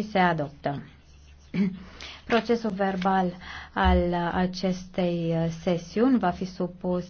și se adoptă. Procesul verbal al acestei sesiuni va fi supus